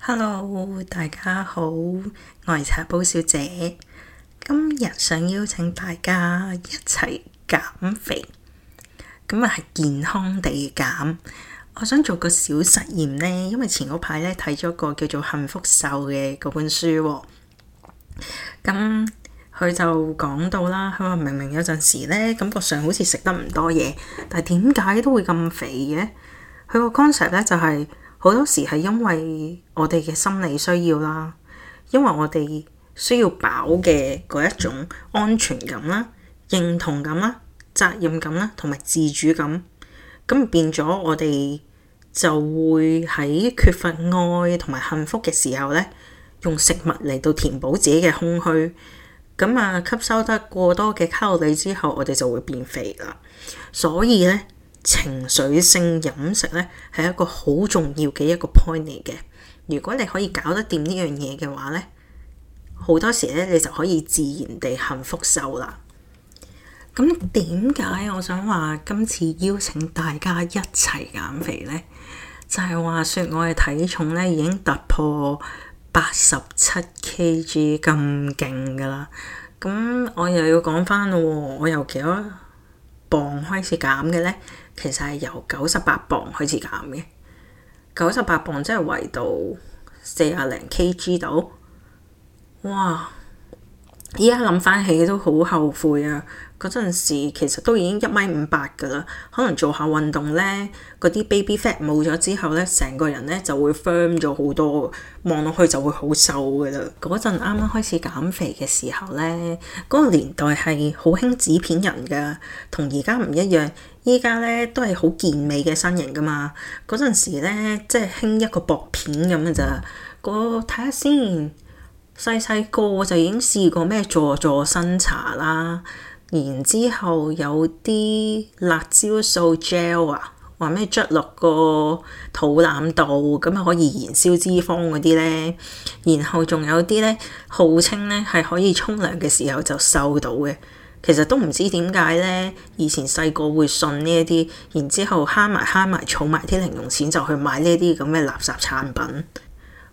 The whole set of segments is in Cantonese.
Hello，大家好，我係茶煲小姐，今日想邀請大家一齊減肥，咁啊係健康地減。我想做個小實驗呢，因為前嗰排咧睇咗個叫做《幸福瘦》嘅嗰本書，咁、嗯、佢就講到啦，佢話明明有陣時咧感覺上好似食得唔多嘢，但係點解都會咁肥嘅？佢個 concept 咧就係、是。好多時係因為我哋嘅心理需要啦，因為我哋需要飽嘅嗰一種安全感啦、認同感啦、責任感啦，同埋自主感，咁變咗我哋就會喺缺乏愛同埋幸福嘅時候咧，用食物嚟到填補自己嘅空虛，咁啊吸收得過多嘅卡路里之後，我哋就會變肥啦。所以咧。情緒性飲食咧，係一個好重要嘅一個 point 嚟嘅。如果你可以搞得掂呢樣嘢嘅話咧，好多時咧你就可以自然地幸福瘦啦。咁點解我想話今次邀請大家一齊減肥呢？就係話說我嘅體重咧已經突破八十七 kg 咁勁㗎喇。咁我又要講返咯喎，我由幾多磅開始減嘅呢？其實係由九十八磅開始減嘅，九十八磅即係圍到四十零 kg 度，哇！依家諗返起都好後悔啊～嗰陣時其實都已經一米五八㗎啦。可能做下運動呢，嗰啲 baby fat 冇咗之後呢，成個人呢就會 firm 咗好多，望落去就會好瘦㗎啦。嗰陣啱啱開始減肥嘅時候呢，嗰個年代係好興紙片人㗎，同而家唔一樣。依家呢都係好健美嘅身形㗎嘛。嗰陣時呢即係興一個薄片咁嘅咋。嗰個睇下先，細細個就已經試過咩坐坐新茶啦。然之後有啲辣椒素 gel 啊，話咩捽落個肚腩度，咁啊可以燃燒脂肪嗰啲咧。然後仲有啲咧，號稱咧係可以沖涼嘅時候就瘦到嘅。其實都唔知點解咧。以前細個會信呢一啲，然之後慳埋慳埋儲埋啲零用錢就去買呢啲咁嘅垃圾產品。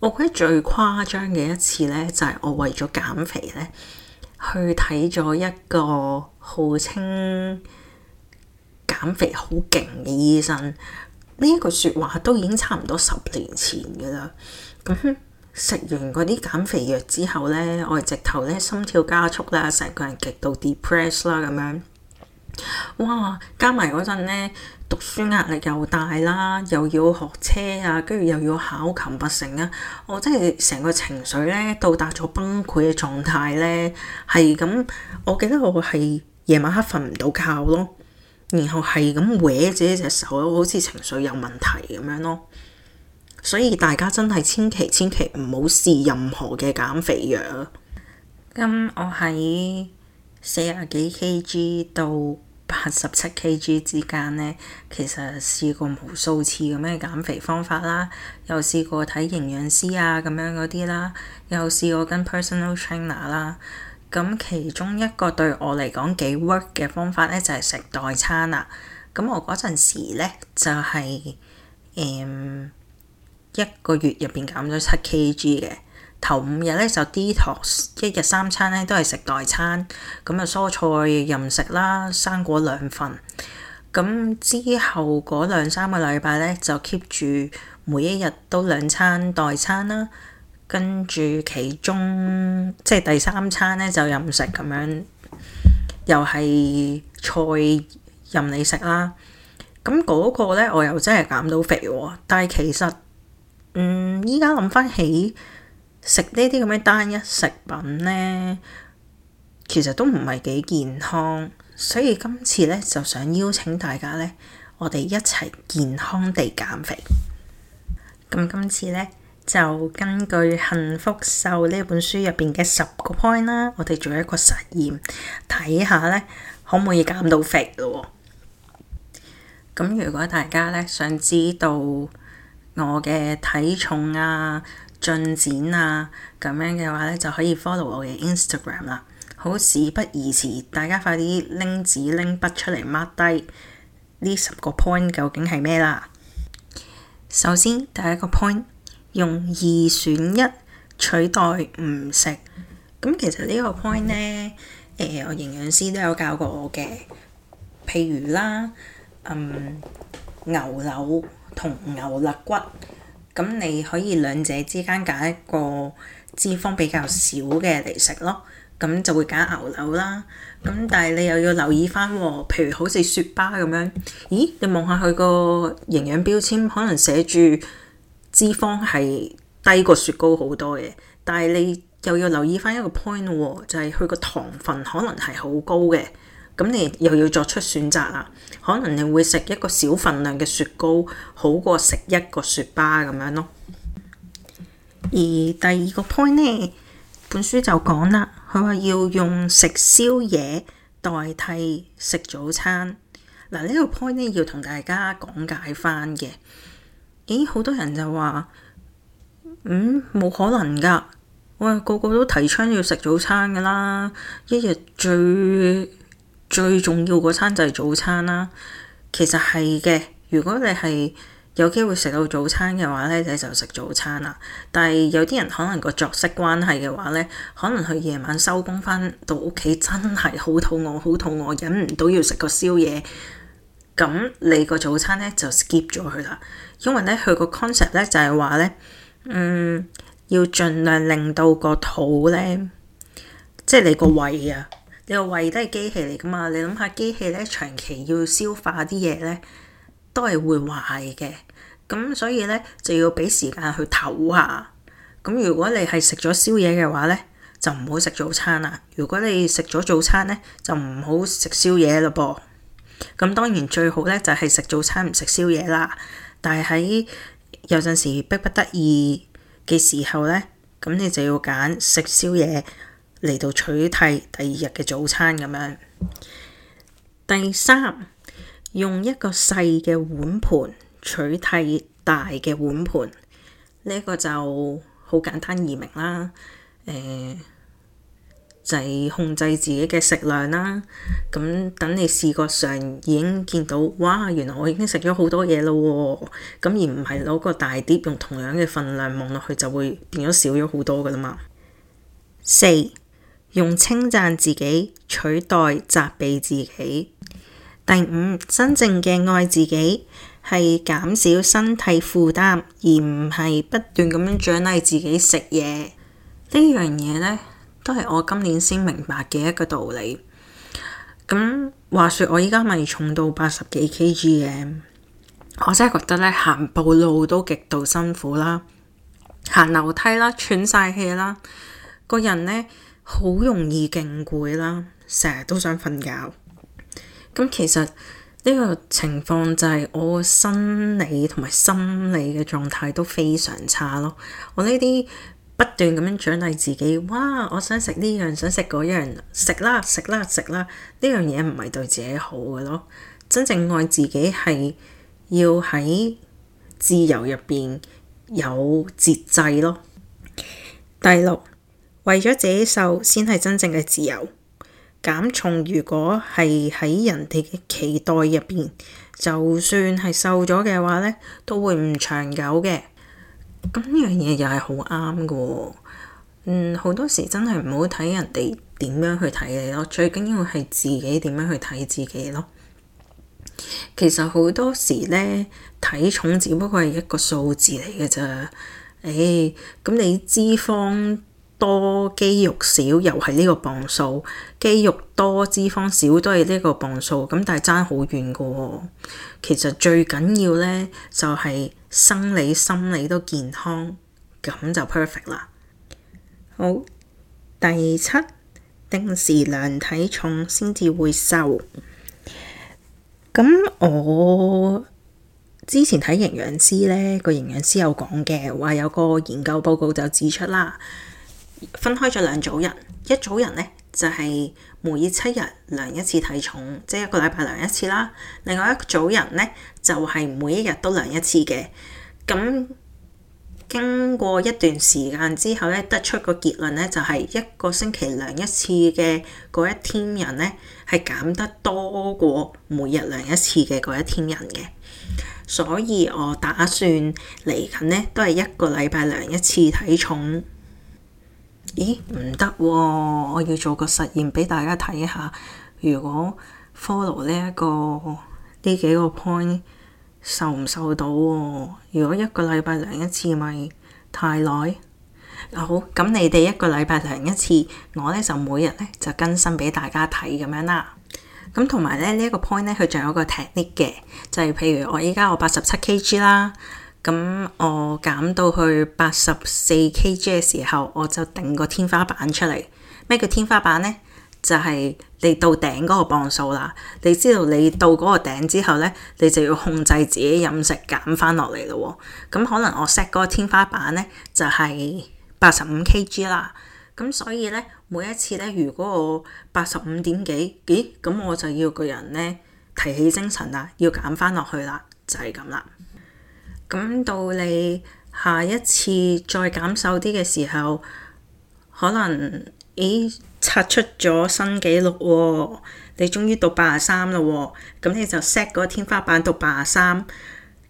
我覺得最誇張嘅一次咧，就係我為咗減肥咧。去睇咗一個號稱減肥好勁嘅醫生，呢一句説話都已經差唔多十年前嘅啦。咁、嗯、食完嗰啲減肥藥之後呢，我係直頭呢心跳加速啦，成個人極度 depress 啦，咁樣。哇！加埋嗰陣呢，讀書壓力又大啦，又要學車啊，跟住又要考琴不成啊！我真係成個情緒呢，到達咗崩潰嘅狀態呢，係咁。我記得我係夜晚黑瞓唔到覺咯，然後係咁搲自己隻手，好似情緒有問題咁樣咯。所以大家真係千祈千祈唔好試任何嘅減肥藥啊！咁、嗯、我喺四十幾 kg 到。八十七 kg 之間呢，其實試過無數次咁樣減肥方法啦，又試過睇營養師啊，咁樣嗰啲啦，又試過跟 personal trainer 啦。咁其中一個對我嚟講幾 work 嘅方法呢，就係、是、食代餐啊。咁我嗰陣時呢就係、是、誒、um, 一個月入面減咗七 kg 嘅。頭五日咧就 detox 一日三餐咧都係食代餐，咁啊蔬菜任食啦，生果兩份。咁之後嗰兩三個禮拜咧就 keep 住每一日都兩餐代餐啦，跟住其中即係第三餐咧就任食咁樣，又係菜任你食啦。咁嗰個咧我又真係減到肥喎，但係其實嗯依家諗翻起。食呢啲咁嘅單一食品呢，其實都唔係幾健康，所以今次呢，就想邀請大家呢，我哋一齊健康地減肥。咁今次呢，就根據《幸福瘦》呢本書入邊嘅十個 point 啦，我哋做一個實驗，睇下呢可唔可以減到肥嘅喎。咁如果大家呢想知道我嘅體重啊～進展啊，咁樣嘅話呢，就可以 follow 我嘅 Instagram 啦。好，事不宜遲，大家快啲拎紙拎筆出嚟 mark 低呢十個 point 究竟係咩啦。首先第一個 point，用二選一取代唔食。咁其實呢個 point 呢，誒、呃、我營養師都有教過我嘅。譬如啦，嗯，牛柳同牛肋骨。咁你可以兩者之間揀一個脂肪比較少嘅嚟食咯，咁就會揀牛柳啦。咁但係你又要留意返喎，譬如好似雪芭咁樣，咦？你望下佢個營養標籤，可能寫住脂肪係低過雪糕好多嘅，但係你又要留意返一個 point，就係佢個糖分可能係好高嘅。咁你又要作出選擇啦，可能你會食一個小份量嘅雪糕，好過食一個雪巴咁樣咯。而第二個 point 呢，本書就講啦，佢話要用食宵夜代替食早餐嗱。呢個 point 呢要同大家講解翻嘅。咦，好多人就話：嗯，冇可能㗎！我個個都提倡要食早餐㗎啦，一日最最重要嗰餐就係早餐啦，其實係嘅。如果你係有機會食到早餐嘅話呢，你就食早餐啦。但係有啲人可能個作息關係嘅話呢，可能佢夜晚收工翻到屋企真係好肚餓，好肚餓，忍唔到要食個宵夜。咁你個早餐呢，就 skip 咗佢啦，因為呢，佢個 concept 呢，就係話呢，嗯，要盡量令到個肚呢，即係你個胃啊。你個胃都係機器嚟噶嘛。你諗下機器咧，長期要消化啲嘢咧，都係會壞嘅。咁所以咧，就要俾時間去唞下。咁如果你係食咗宵夜嘅話咧，就唔好食早餐啦。如果你食咗早餐咧，就唔好食宵夜咯噃。咁當然最好咧就係、是、食早餐唔食宵夜啦。但係喺有陣時逼不得已嘅時候咧，咁你就要揀食宵夜。嚟到取替第二日嘅早餐咁樣。第三，用一個細嘅碗盤取替大嘅碗盤，呢、這個就好簡單易明啦。誒、呃，就係、是、控制自己嘅食量啦。咁等你視覺上已經見到，哇！原來我已經食咗好多嘢咯喎。咁而唔係攞個大碟用同樣嘅份量望落去，就會變咗少咗好多噶啦嘛。四。用稱讚自己取代責備自己。第五，真正嘅愛自己係減少身體負擔，而唔係不斷咁樣獎勵自己食嘢。呢樣嘢呢，都係我今年先明白嘅一個道理。咁話說，我依家咪重到八十幾 kg m，我真係覺得呢，行步路都極度辛苦啦，行樓梯啦，喘晒氣啦，個人呢。好容易勁攰啦，成日都想瞓覺。咁其實呢個情況就係我個生理同埋心理嘅狀態都非常差咯。我呢啲不斷咁樣獎勵自己，哇！我想食呢樣，想食嗰樣，食啦食啦食啦！呢樣嘢唔係對自己好嘅咯。真正愛自己係要喺自由入邊有節制咯。第六。為咗自己瘦，先係真正嘅自由。減重如果係喺人哋嘅期待入邊，就算係瘦咗嘅話呢，都會唔長久嘅。咁呢樣嘢又係好啱嘅。嗯，好多時真係唔好睇人哋點樣去睇你咯，最緊要係自己點樣去睇自己咯。其實好多時呢，體重只不過係一個數字嚟嘅咋？誒、哎，咁你脂肪？多肌肉少又係呢個磅數，肌肉多脂肪少都係呢個磅數，咁但係爭好遠噶。其實最緊要呢就係生理心理都健康，咁就 perfect 啦。好，第七，定時量體重先至會瘦。咁我之前睇營養師，呢個營養師有講嘅，話有個研究報告就指出啦。分開咗兩組人，一組人呢，就係、是、每七日量一次體重，即係一個禮拜量一次啦。另外一組人呢，就係、是、每一日都量一次嘅。咁經過一段時間之後咧，得出個結論呢，就係、是、一個星期量一次嘅嗰一 team 人呢，係減得多過每日量一次嘅嗰一 team 人嘅。所以我打算嚟緊呢，都係一個禮拜量一次體重。咦，唔得喎！我要做個實驗俾大家睇下，如果 follow 呢、這、一個呢幾個 point 受唔受到喎、哦？如果一個禮拜量一次，咪太耐。好，咁你哋一個禮拜量一次，我呢就每日呢就更新俾大家睇咁樣啦。咁同埋咧呢一、這個 point 呢，佢仲有個 technic 嘅，就係、係、譬如我依家我八十七 kg 啦。咁我減到去八十四 kg 嘅時候，我就定個天花板出嚟。咩叫天花板呢？就係、是、你到頂嗰個磅數啦。你知道你到嗰個頂之後呢，你就要控制自己飲食減翻落嚟咯。咁可能我 set 個天花板呢，就係八十五 kg 啦。咁所以呢，每一次呢，如果我八十五點幾，咦，咁我就要個人呢，提起精神啊，要減翻落去啦，就係咁啦。咁到你下一次再減瘦啲嘅時候，可能咦刷出咗新紀錄喎，哦！你終於到八十三啦，咁你就 set 嗰個天花板到八十三。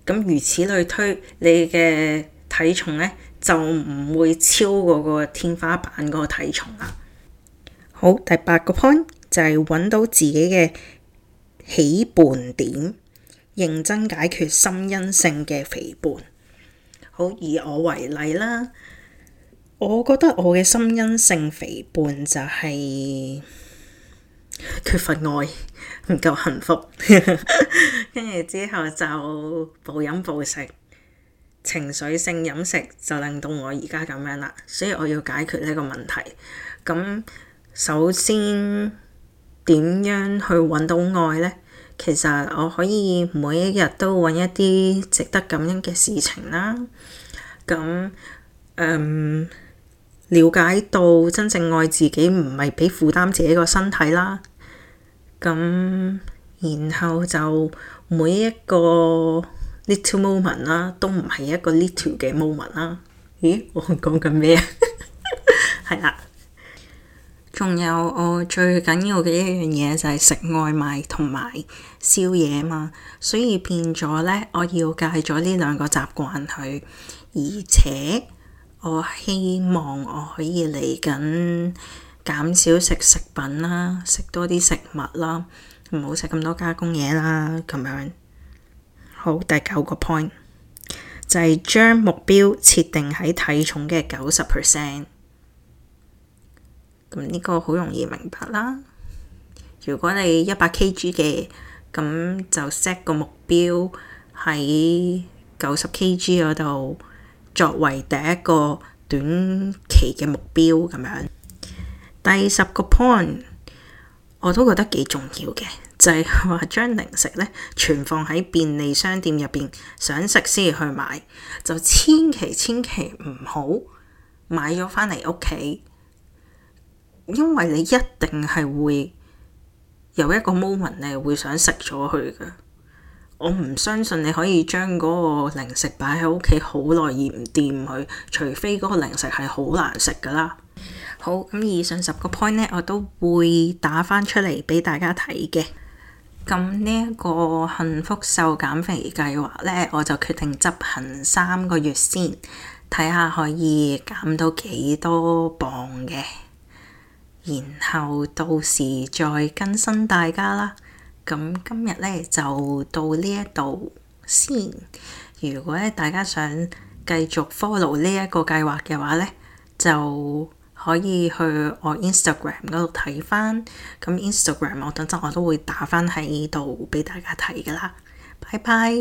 咁如此類推，你嘅體重咧就唔會超過個天花板嗰個體重啦。好，第八個 point 就係揾到自己嘅起半點。認真解決心因性嘅肥胖，好，以我為例啦。我覺得我嘅心因性肥胖就係、是、缺乏愛，唔夠幸福，跟 住之後就暴飲暴食，情緒性飲食就令到我而家咁樣啦。所以我要解決呢個問題。咁首先點樣去揾到愛咧？其實我可以每一日都揾一啲值得感恩嘅事情啦，咁嗯了解到真正愛自己唔係畀負擔自己個身體啦，咁然後就每一個 little moment 啦，都唔係一個 little 嘅 moment 啦。咦，我講緊咩啊？係 啦。仲有我、哦、最緊要嘅一樣嘢就係食外賣同埋宵夜嘛，所以變咗咧，我要戒咗呢兩個習慣去，而且我希望我可以嚟緊減少食食品啦，食多啲食物啦，唔好食咁多加工嘢啦，咁樣。好，第九個 point 就係將目標設定喺體重嘅九十 percent。咁呢個好容易明白啦。如果你一百 kg 嘅，咁就 set 個目標喺九十 kg 嗰度，作為第一個短期嘅目標咁樣。第十個 point，我都覺得幾重要嘅，就係話將零食咧存放喺便利商店入邊，想食先去買，就千祈千祈唔好買咗返嚟屋企。因為你一定係會有一個 moment 你會想食咗佢嘅。我唔相信你可以將嗰個零食擺喺屋企好耐而唔掂佢，除非嗰個零食係好難食噶啦。好，咁以上十個 point 呢，我都會打返出嚟俾大家睇嘅。咁呢一個幸福瘦減肥計劃呢，我就決定執行三個月先，睇下可以減到幾多磅嘅。然後到時再更新大家啦。咁今日咧就到呢一度先。如果咧大家想繼續 follow 呢一個計劃嘅話咧，就可以去我 Instagram 度睇翻。咁 Instagram 我等陣我都會打翻喺度俾大家睇噶啦。拜拜。